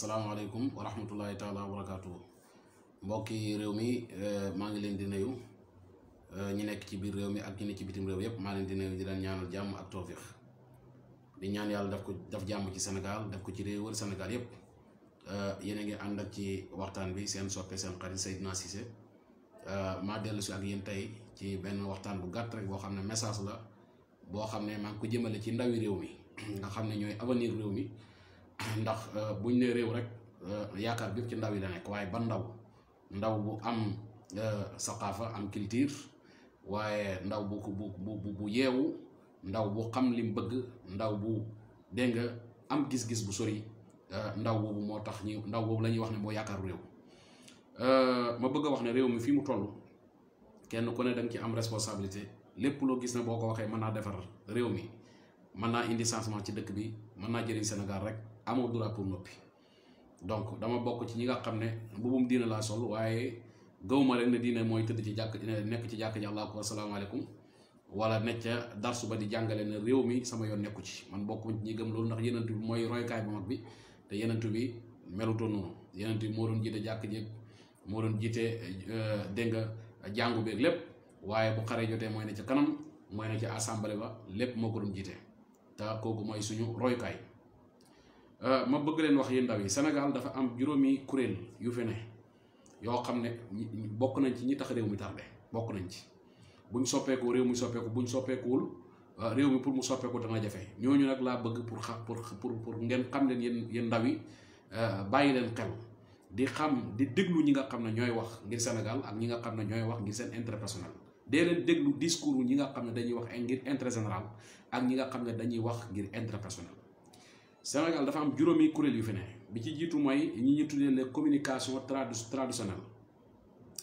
asalaamaaleykum wa rahmatullahi taala wa barakaatu mbokki réew mi eh, maa ngi leen di nuyu eh, ñu nekk ci biir réew mi ak ñi nekk ci bitim réew yépp maa leen di nuyu di leen ñaanal jàmm ak tawfiq di ñaan yàlla daf ko daf jàmm ci Sénégal daf ko ci réew wër Sénégal yépp eh, yéen a ngi ànd ak ci waxtaan bi seen soppe seen xarit Seydina Cissé maa dellu si ak yéen tey ci benn waxtaan bu gàtt rek boo xam ne message la boo xam ne maa ngi ko jëmale ci ndawi réew mi nga xam réew mi ndax euh, buñ ne réew rek euh, yaakaar bépp ci ndaw yi la nekk waaye ban ndaw ndaw bu am euh, saqaafa am culture waaye ndaw bu bu bu bu yeewu ndaw bu xam lim bëgg ndaw bu dégg nga am gis-gis bu sori ndaw boobu moo tax ñu ndaw boobu la ñuy wax ne moo yaakaaru réew ma bëgg a ne réew mi fii mu toll kenn ku ne da ci am responsabilité lépp loo gis ne boo ko waxee mën naa defar réew mi mën naa indi changement ci dëkk bi mën naa jëriñ Sénégal rek. amoo droit pour noppi donc dama bokk ci ñi nga xam ne mbubum diina laa sol waaye gawma rek ne diine mooy tëdd ci jàkk nekk ci jàkk ji allah akbar salaamaaleykum wala ne ca darsu ba di jàngale na réew mi sama yoon nekku ci man bokk ci ñi gëm loolu ndax yenentu bi mooy roykaay bu mag bi te yenentu bi melutoon noonu yenentu bi moo doon jiite jàkk ji moo doon jiite euh, dégg nga jàngu beeg lépp waaye bu xare jotee mooy ne ca kanam mooy ne ca assemblée ba lépp moo ko doon jiite kooku mooy suñu roykaay Euh, ma bëgg leen wax yéen ndaw yi Sénégal dafa am juróomi kuréel yu fi yoo xam ne bokk nañ ci ñi tax réew mi tardé bokk nañ ci buñ soppeeku réew mi soppeeku buñ soppeekuwul euh, réew mi pour mu soppeeku dana jafe ñooñu nag laa bëgg pour xa pour pour pour ngeen xam leen yéen yéen ndaw yi euh, bàyyi leen xel di xam di déglu ñi nga xam ne ñooy wax ngir Sénégal ak ñi nga xam ne ñooy wax ngir seen intérêt personnel dee leen déglu ñi nga xam ne dañuy wax ngir intérêt général ak ñi nga xam ne dañuy wax ngir intérêt personnel. Sénégal dafa am juróomi kuréel yu fi ne bi ci jiitu mooy ñi ñu tuddee les communications tradu traditionnelles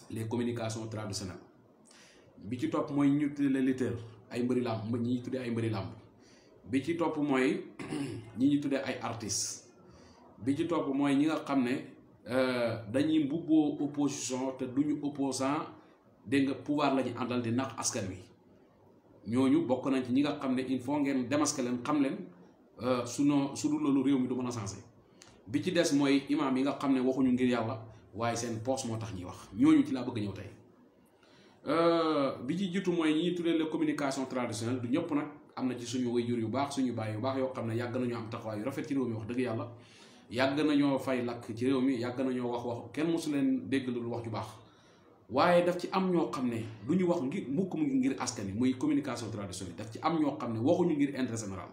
les communications traditionnelles bi ci topp mooy ñu tuddee les lutteurs ay ñi tuddee ay mbëri làmb bi ci topp mooy ñi ñu tuddee ay artistes bi ci topp mooy ñi nga xam ne euh, dañuy mbubboo opposition te duñu opposant dégg nga pouvoir la ñu àndal di nax askan wi ñoo ñu bokk nañ ci ñi nga xam ne il faut ngeen démasquer leen xam leen. Euh, su noo su dul loolu réew mi du mën a sensé bi ci des mooy imaam yi nga xam ne waxuñu ngir yàlla waaye seen poos moo tax ñuy wax ñooñu ci laa bëgg ñëw tey euh, bi ci jiitu mooy ñi tuddee communication traditionnelle du ñëpp nag am na ci suñu waajur yu baax suñu baay yu baax yoo xam ne yàgg nañoo am taxawaay yu rafet ci réew wax dëgg yàlla yàgg nañoo fay lakk ci réew mi yàgg nañoo wax kenn mosu leen dégg lu wax ju baax waaye daf ci am ñoo xam ne du ñu wax ngir mukk mu ngir askan wi muy communication traditionnelle daf ci am ñoo xam ne waxuñu ngir intérêt général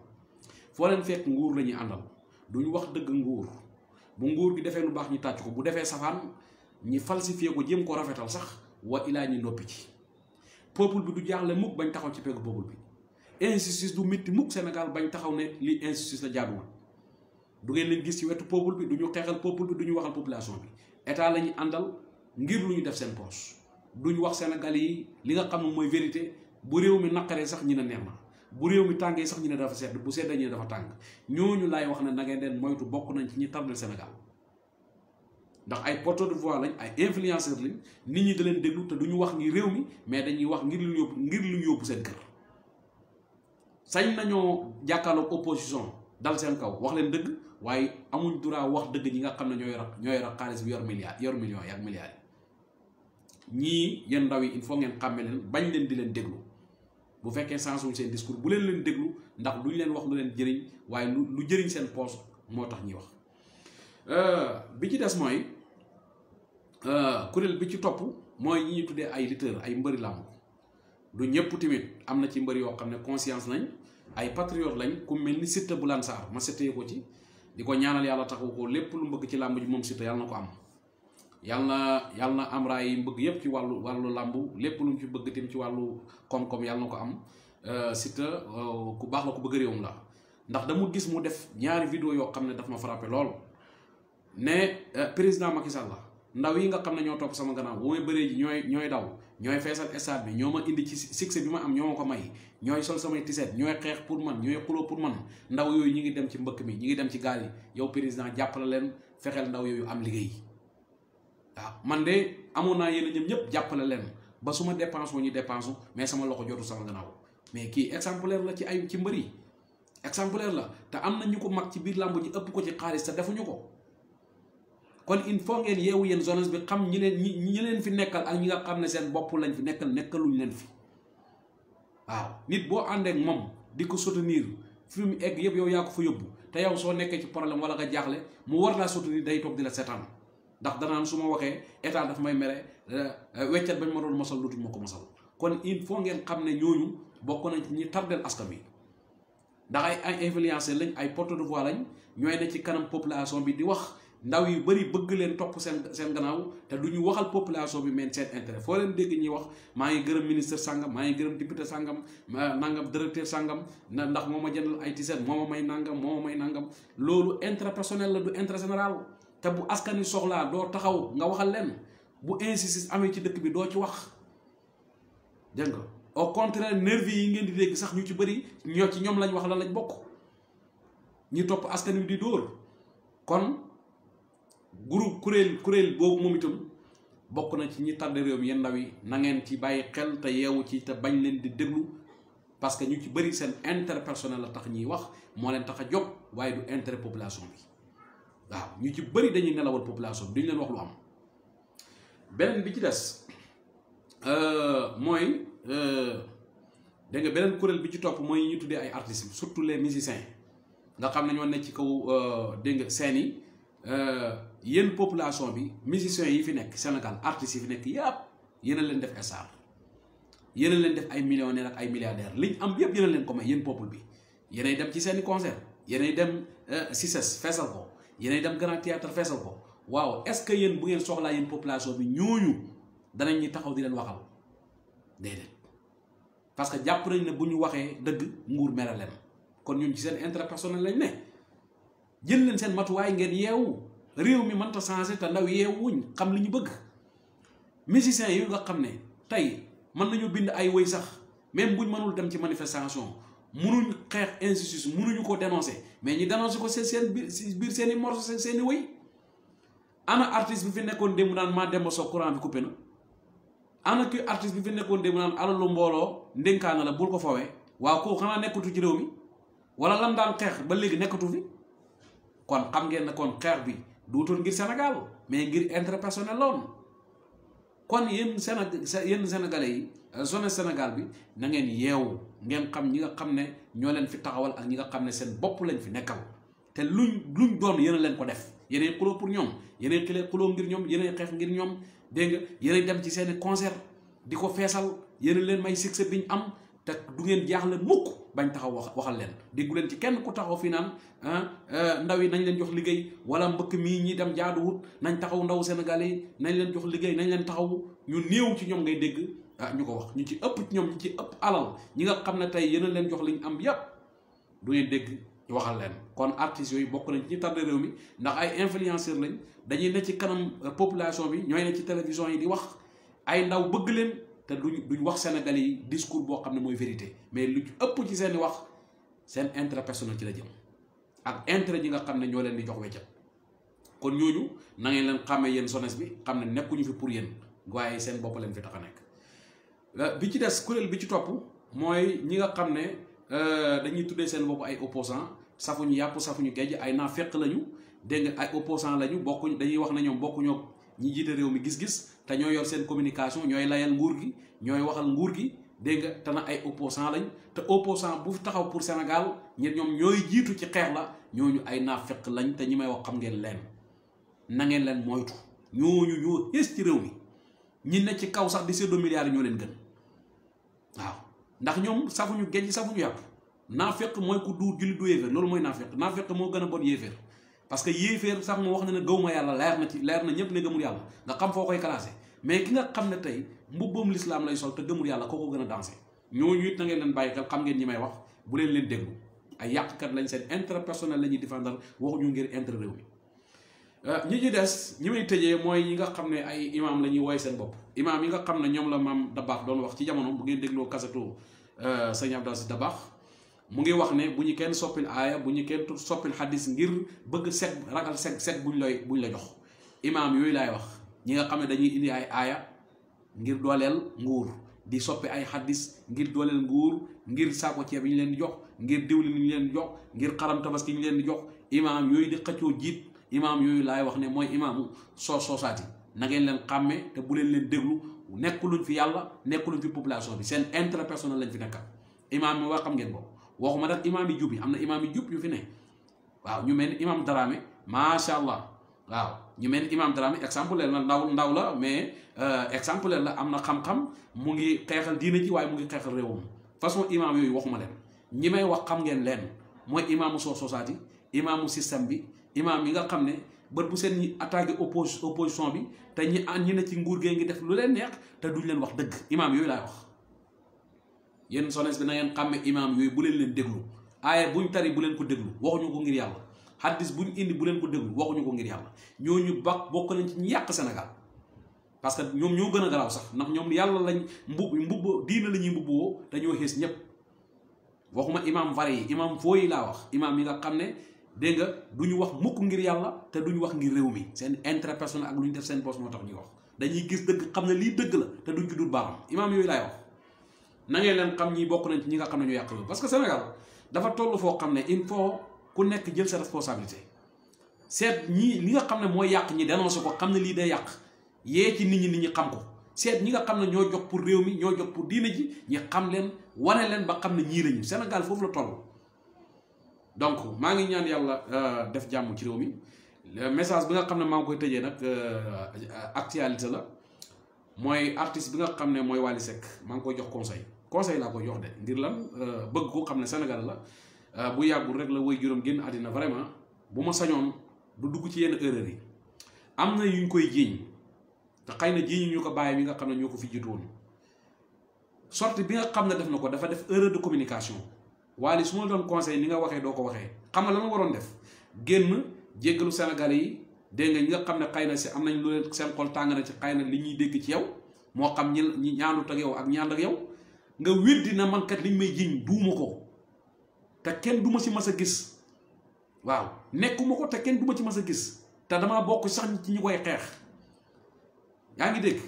foo leen fekk nguur la ñuy àndal duñ wax dëgg nguur bu nguur gi defee nu baax ñi tàcc ko bu defee safaan ñi falsifié ko jëm ko rafetal sax wa ilaa ñi noppi ci peuple bi du jaaxle mukk bañ taxaw ci peggu peuple bi injustice du métti mukk Sénégal bañ taxaw ne li injustice la jaaduwul du ngeen gis ci wetu peuple bi du ñu xeexal peuple bi du ñu waxal population bi état la ñu àndal ngir lu ñu def seen poche duñu wax Sénégal yi li nga xam ne mooy vérité bu réew mi naqaree sax ñi ne neex bu réew mi tàngee sax ñu ne dafa sedd bu seddee ñu ne dafa tàng ñu laay wax ne na ngeen leen moytu bokk nañ ci ñi tardel Sénégal ndax ay porte-voix lañ ay influenceurs lañ nit ñi di leen déglu te du ñu wax ngir réew mi mais dañuy wax ngir lu yóbbu ngir lu yóbbu seen kër sañ nañoo jàkkaarloog opposition dal seen kaw wax leen dëgg waaye amuñ droit wax dëgg ñi nga xam ne ñoo yor ñoo yor xaalis bi yor milliard yor millions yi ak yi ñii yéen ndaw yi il faut ngeen xàmme leen bañ leen di leen déglu. bu fekkee sens wuñ seen discours bu leen leen déglu ndax lu ñu leen wax lu leen jëriñ waaye lu lu jëriñ seen poos moo tax ñuy wax euh, bi ci des mooy euh, kuréel bi ci topp mooy ñi ñu tuddee ay lutteurs ay mbëri làmb du ñëpp tamit am na ci mbëri yoo xam ne conscience nañ ay patriote lañ ku mel ni Siteu bu Lansar ma seetee ko ci di ko ñaanal yàlla taxawu ko lépp lu mbëgg ci làmb ji moom Siteu yàlla na ko am. yàlla na yàlla na am raay yi mu bëgg yépp ci wàllu wàllu làmb lépp lu mu ci bëgg tamit ci wàllu koom-koom yàlla na ko am euh, Siteu euh, ku baax la ku bëgg réewam la ndax dama gis mu def ñaari vidéo yoo xam ne daf ma frappé lool ne euh, président ma Sall la ndaw yi nga xam ne ñoo topp sama gannaaw bu may bëree ji ñooy daw ñooy feesal stade bi ñoo ma indi ci succès bi ma am ñoo ma ko may ñooy sol samay tiset ñooy xeex pour man ñooy xuloo pour man ndaw yooyu ñi ngi dem ci mbëkk mi ñi ngi dem ci gaal yow président jàppale leen fexeel ndaw yooyu am liggéey waaw ah, man de amoon naa yéen ñoom ñëpp jàppale leen ba suma ma dépense woo ñu dépense mais sama loxo jotu sama gannaaw mais kii exemplaire la ci ay ci mbër yi la te am na ñu ko mag ci biir làmb ji ëpp ko ci xaalis te defuñu ko kon il faut ngeen yeewu yéen jeunesse bi xam ñi leen ñi ñi leen fi nekkal ak ñi nga xam ne seen bopp lañ fi nekkal nekkaluñ leen fi waaw nit boo àndee moom di ko soutenir fi mu egg yëpp yow yaa ko fa yóbbu te yow soo nekkee ci problème wala nga jaaxle mu war laa soutenir day toog di ndax danaan su ma waxee état dafa may mere eh, weccat bañ ma doon mosal dootu ma ko mosal kon il faut ngeen xam ne ñooñu bokk nañ ci ñi tardeel askan wi ndax ay ay influenceurs lañ ay porte de voix lañ ñooy ne ci kanam population bi di wax ndaw yu bëri bëgg leen topp seen seen gannaaw te du ñu waxal population bi mais seen intérêt foo leen dégg ñuy wax maa ngi gërëm ministre sàngam maa ngi gërëm député sàngam nangam directeur sàngam ndax moo ma jëndal ay tiset moo ma may nangam moo may nangam loolu intérêt personnel la du intérêt général te bu askan wi soxlaa doo taxaw nga waxal leen bu injustice amee ci dëkk bi doo ci wax dégg o au contraire nervi yi ngeen di dégg sax ñu ci bëri ñoo ci ñoom lañu wax lan lañ bokk ñi topp askan wi di dóor kon groupe kuréel kuréel boobu moom itam bokk na ci ñi tardé réew mi yenn ndaw yi na ngeen ci bàyyi xel te yeewu ci te bañ leen di déglu parce que ñu ci bëri seen intérêt personnel la tax ñuy wax moo leen tax a jóg waaye du intérêt population bi. waaw ñu ci bëri dañuy nelawal population bi duñ leen wax lu am beneen bi ci des euh, mooy euh, dégg nga beneen kuréel bi ci topp mooy ñu tuddee ay artistes surtout les musiciens nga xam ne ñoo ne ci kaw euh, dégg nga seen i yéen population bi musiciens yi fi nekk Sénégal artistes yi fi nekk yëpp yéen leen def star yéen a leen def ay millionnaires ak ay milliardaires liñ am yëpp yéen leen ko may yéen peuple bi yéenay dem ci seen i concert yéenay dem CICES feesal ko. yeneen dem grand théâtre feesal ko waaw est-ce que yéen bu ngeen soxlaa yéen population bi ñooñu danañ ñu taxaw di leen waxal déedéet parce que jàpp nañ ne bu ñu waxee dëgg nguur mere leen kon ñun ci seen intérêt personnel lañ ne jël leen seen matuwaay ngeen yeewu réew mi mënta changé te ndaw yeewuñ xam li ñu bëgg musiciens yi nga xam ne tey mën nañu bind ay woy sax même buñ mënul dem ci manifestation mënuñ xeex injustice mënuñu ko dénoncer mais ñu dénoncer ko seen seen biir biir seen i morceau seen seen i wëy ana artiste bi fi nekkoon démb naan maa dem ba soog courant bi coupé na ana ki artiste bi fi nekkoon démb naan alalu mbooloo ndénkaana la bul ko fawee waaw kooku xanaa nekkatu ci réew mi wala lan daan xeex ba léegi nekkatu fi kon xam ngeen ne kon xeex bi duutoon ngir Sénégal mais ngir intérêt personnel la woon kon yéen Sénégal yéen Sénégalais yi. Euh, zone Sénégal bi na ngeen yeewu ngeen xam ñi nga xam ne ñoo leen fi taxawal ak ñi nga xam ne seen bopp lañ fi nekkal te lu ñu doon yéen a leen ko def yéenay xuloo pour ñoom yéenay xile xuloo ngir ñoom yeneen xeex ngir ñoom dégg nga yéenay dem ci seeni concert di ko feesal yéen leen may succès bi ñu am te du ngeen jaaxle mukk bañ taxaw wax waxal leen déggu leen ci kenn ku taxaw fi naan ah, euh, ndaw yi nañ leen jox liggéey wala mbëkk mii ñi dem jaaduwut nañ taxaw ndaw Sénégal yi nañ leen jox liggéey nañ leen taxaw ñu néew ci ñoom ngay dégg ah ñu ko wax ñu ci ëpp ñoom ñu ci ëpp alal ñi nga xam ne tey yéen leen jox liñ am yépp du ngeen dégg ñu waxal leen kon artistes yooyu bokk nañ ci ñi réew mi ndax ay influenceurs lañ dañuy ne ci kanam euh, population bi ñooy ne ci télévision yi di wax ay ndaw bëgg leen te duñ duñ wax Sénégalais yi discours boo xam ne mooy vérité mais lu ëpp ci seen i wax seen intérêt personnel ci la jëm ak intérêt yi nga xam ne ñoo leen di jox weccat kon ñooñu nangeen ngeen leen xàmmee yéen sones bi xam ne nekkuñu fi pour yéen waaye seen bopp leen fi tax nekk. Euh, bi ci des kuréel bi ci topp mooy ñi nga xam ne euh, dañuy tuddee seen bopp ay opposant safuñu yàpp safuñu gejj ay naafeq lañu dégg nga ay opposant lañu bokkuñ dañuy wax ne bokkuñoo ñi jiite réew mi gis-gis te yor seen communication ñooy layal nguur gi ñooy waxal nguur gi dégg nga te na ay opposant lañ te opposant bu taxaw pour Sénégal ñet ñoom ñooy jiitu ci xeex la ñooñu ay naafeq lañ te ñi may wax xam ngeen leen na ngeen leen moytu ñooñu ñoo xees ci réew mi ñi ne ci kaw sax di seddoo milliards ñoo leen gën waaw ndax ñoom safuñu géej safuñu yàpp naafeq mooy ku du julli du yéeféer loolu mooy naafeq naafeq moo gën a bon yéeféer parce que yéeféer sax mu wax ne ne gawma yàlla leer na ci leer na ñépp ne gëmul yàlla nga xam foo koy classé mais ki nga xam ne tey mbubboom lislaam lay sol te gëmul yàlla koo ko gën a dansé ñooñu it na ngeen leen bàyyi xel xam ngeen ñi may wax bu leen leen déglu ay kat lañ seen intérêt personnel la ñuy défendre waxuñu ngir intérêt réew mi euh, ñi ci des ñi may tëjee mooy ñi nga xam ne ay imaam la ñuy wooye seen bopp imaam yi nga xam ne ñoom la maam Dabaax doon wax ci jamono bu ngeen dégloo kasetu euh, sëñ Abdou Aziz Dabaax mu ngi wax ne bu ñu kenn soppil aaya bu ñu kenn soppil xadis ngir bëgg set ragal set set ñu lay buñ la jox imaam yooyu laay wax ñi nga xam ne dañuy indi ay aaya ngir dooleel nguur di soppi ay xadis ngir dooleel nguur ngir saako ceeb yi ñu leen jox ngir diwlin yi ñu leen di jox ngir xaram tabaski yi ñu leen di jox imaam yooyu di xëccoo jiit imaam yooyu laay wax ne mooy imaamu soos soosaati na ngeen leen xàmmee te bu leen leen déglu nekkuluñ fi yàlla nekkuluñ fi population bi seen intérêt personnel lañ fi nekkal imaam mi wax xam ngeen boobu waxuma nag imaam yi jub yi am na imaam yi jub yu fi ne waaw ñu mel ni imaam Dramé macha allah waaw ñu mel ni imaam Dramé exemple la ndaw ndaw la mais euh, exemple la am na xam-xam mu ngi xeexal diina ji waaye mu ngi xeexal réewam façon imaam yooyu waxuma leen ñi may wax xam ngeen leen mooy imaamu soo sosaati imaamu système bi imaam yi nga xam ne. bët bu seen ñi attaqué oppos opposition bi te ñi ñi ne ci nguur gee ngi def lu leen neex te duñ leen wax dëgg imaam yooyu laay wax yéen sones bi na ngeen xàmme imaam yooyu bu leen leen déglu aaye buñ tari bu leen ko déglu waxuñu ko ngir yàlla xaddis buñ indi bu leen ko déglu waxuñu ko ngir yàlla ñu ba bokk nañ ci ñu yàq Sénégal parce que ñoom ñoo gën a garaaw sax ndax ñoom yàlla lañ mbub mbubb diina la ñuy mbubb woo dañoo xees ñépp waxuma imaam vare yi i foo yi laa wax imaam yi nga xam ne dégg nga du ñu wax mukk ngir yàlla te du ñu wax ngir réew mi seen intérêt personnel ak luñ def seen boos moo tax ñuy wax dañuy gis dëgg xam ne lii dëgg la te duñ ci dut baaxam imaam yooyu laay wax na ngeen leen xam ñi bokk nañ ci ñi nga xam ne ñu yàq parce que Sénégal dafa toll foo xam ne il faut ku nekk jël sa responsabilité seet ñi li nga xam ne mooy yàq ñi dénoncé ko xam ne lii day yàq yee ci nit ñi nit ñi xam ko seet ñi nga xam ne ñoo jox pour réew mi ñoo jox pour diine ji ñi xam leen wane leen ba xam ne ñii lañu Sénégal foofu la toll donc maa ngi ñaan yàlla euh, def jàmm ci réew mi message bi nga xam ne maa ngi koy tëjee nag euh, actualité la mooy artiste bi nga xam ne mooy Wally Seck maa ngi koy jox conseil conseil laa koy jox de ngir lan euh, bëgg ko xam ne Sénégal la bu yàggul rek la woy juróom génn àddina vraiment bu ma sañoon du dugg ci yenn erreur yi am na yuñ koy jiiñ te xëy na jiiñu ñu ko bàyyi bi nga xam ne ñoo ko fi jiitu woon sorte bi nga xam ne def na ko dafa def erreur de communication waali su ma doon conseil ni nga waxee doo ko waxee xam nga la ma waroon def génn jéggalu senegal yi dégg nga ñi nga xam ne xëy na si am nañ lu leen seen xol tàng na ci xëy na li ñuy dégg ci yow moo xam ñi ñi ñaanut ak yow ak ñaan ak yow nga weddi na man li liñ may jiñ duuma ko te kenn du ma si mas a gis waaw nekkuma ko te kenn du ma ci mas a gis te damaa bokk sax ci ñi koy xeex yaa ngi dégg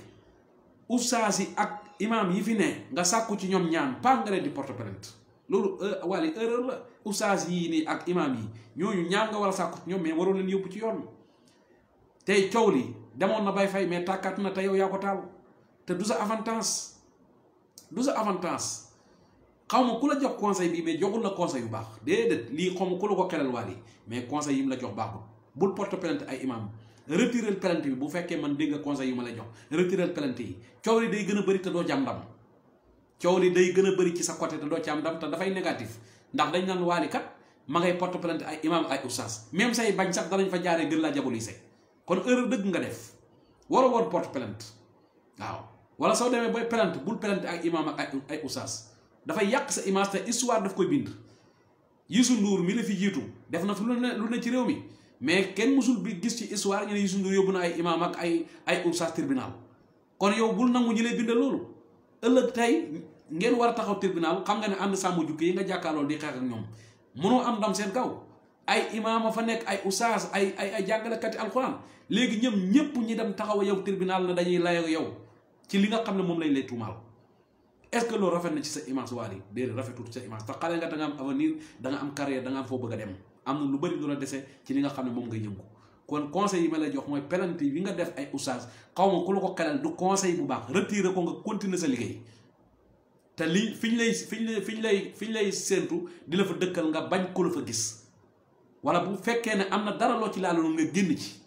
ustaas yi ak imaam yi fi ne nga sàkku ci ñoom ñaan pas nga leen di porte plainte loolu euh, wali erreur la oustaz yii nii ak imaam yi ñooñu ñaan nga war a sàkku ñoom mais waroon leen yóbbu ci yoon tey cow li demoon na bay fay mais tàkkaat na te yow yaa ko taal te du sa avantage du sa avantage xaw ma ku la jox conseil bi mais joxul la conseil yu baax déedéet lii xaw ma ku la ko xelal wali mais conseil yi mu la jox baaxul bul porte plainte ay imam retirel plainte bi bu fekkee man dégg nga conseil yi ma la jox retirel plainte yi coow li day gën a bëri te doo jàmm coow li day gën a bëri ci sa côté te doo ci am ndam te dafay négatif ndax dañ naan waali kat ma ngay porte plainte ay imam ay oustaz même say bañ sax danañ fa jaaree gën laa jabolise kon erreur dëgg nga def waroo woon porte plainte waaw wala soo demee booy plainte bul plainte ak imam ak ay oustaz dafay yàq sa image te histoire daf koy bind Youssou Ndour mi la fi jiitu def na fi lu ne lu ne ci réew mi mais kenn musul bi gis ci histoire ñu ne Youssou Ndour yóbbu na ay imaam ak ay ay oustaz tribunal kon yow bul nangu ñu lay bindal loolu ëllëg tey ngeen war a taxaw tribunal xam nga ne na sàmm jukki yi nga jàkkaarloo di xeex ak ñoom mënoo am ndam seen kaw ay imaama fa nekk ay oustaz ay ay ay jàngalekati alxuraan léegi ñëm ñëpp ñi dem taxaw yow tribunal na dañuy lay ak ci li nga xam ne moom lañ lay tuumaal est-ce que loolu rafet na ci sa image waa yi déedéet rafetul ci sa image te xale nga da nga am avenir da nga am carrière da nga am foo bëgg a dem am na lu bari lu la dese ci li nga xam ne moom ngay yëngu kon conseil yi ma lay jox mooy penalty yi nga def ay oustaz xaw ma ku la ko xelal du conseil bu baax retiré ko nga continuer sa liggéey te lii fi ñu lay fi ñu lay fi ñu lay fi lay séentu di la fa dëkkal nga bañ ko la fa gis wala bu fekkee ne am na dara loo ci laaloon nga génn ci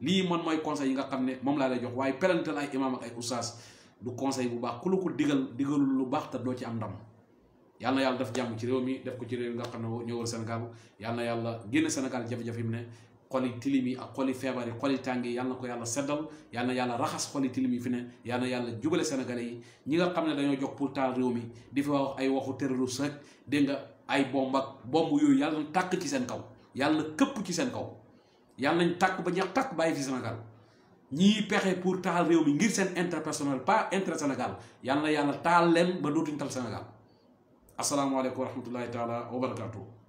lii man mooy conseil yi nga xam ne moom laa lay jox waaye pelantal ay imaam ak ay oustaz du conseil bu baax ku la ko digal digalul lu baax te doo ci am ndam yàlla na yàlla def jàmm ci réew mi def ko ci nga xam ne ñëwal Sénégal yàlla na yàlla génn Sénégal jafe-jafe mu ne xoli tilim yi ak yi feebar yi xoli tàng yi yal na ko yàlla seddal yal na yàlla raxas xoli tilim yi fi ne yal na yàlla jubale sénégalais yi ñi nga xam ne dañoo jox pour taal di fa wax ay waxu terroriste rek dégg nga ay bomb ak bomb yàlla na ci seen kaw yàlla na këpp ci seen kaw yàlla nañ tàkk ba ñax tàkk bàyyi fi Sénégal ñii pexe pour taal réew mi ngir seen intérêt personnel pas intérêt Sénégal yal na yàlla taal leen ba dootuñ tal Sénégal asalaamaaleykum wa rahmatullahi taala wa barakaatu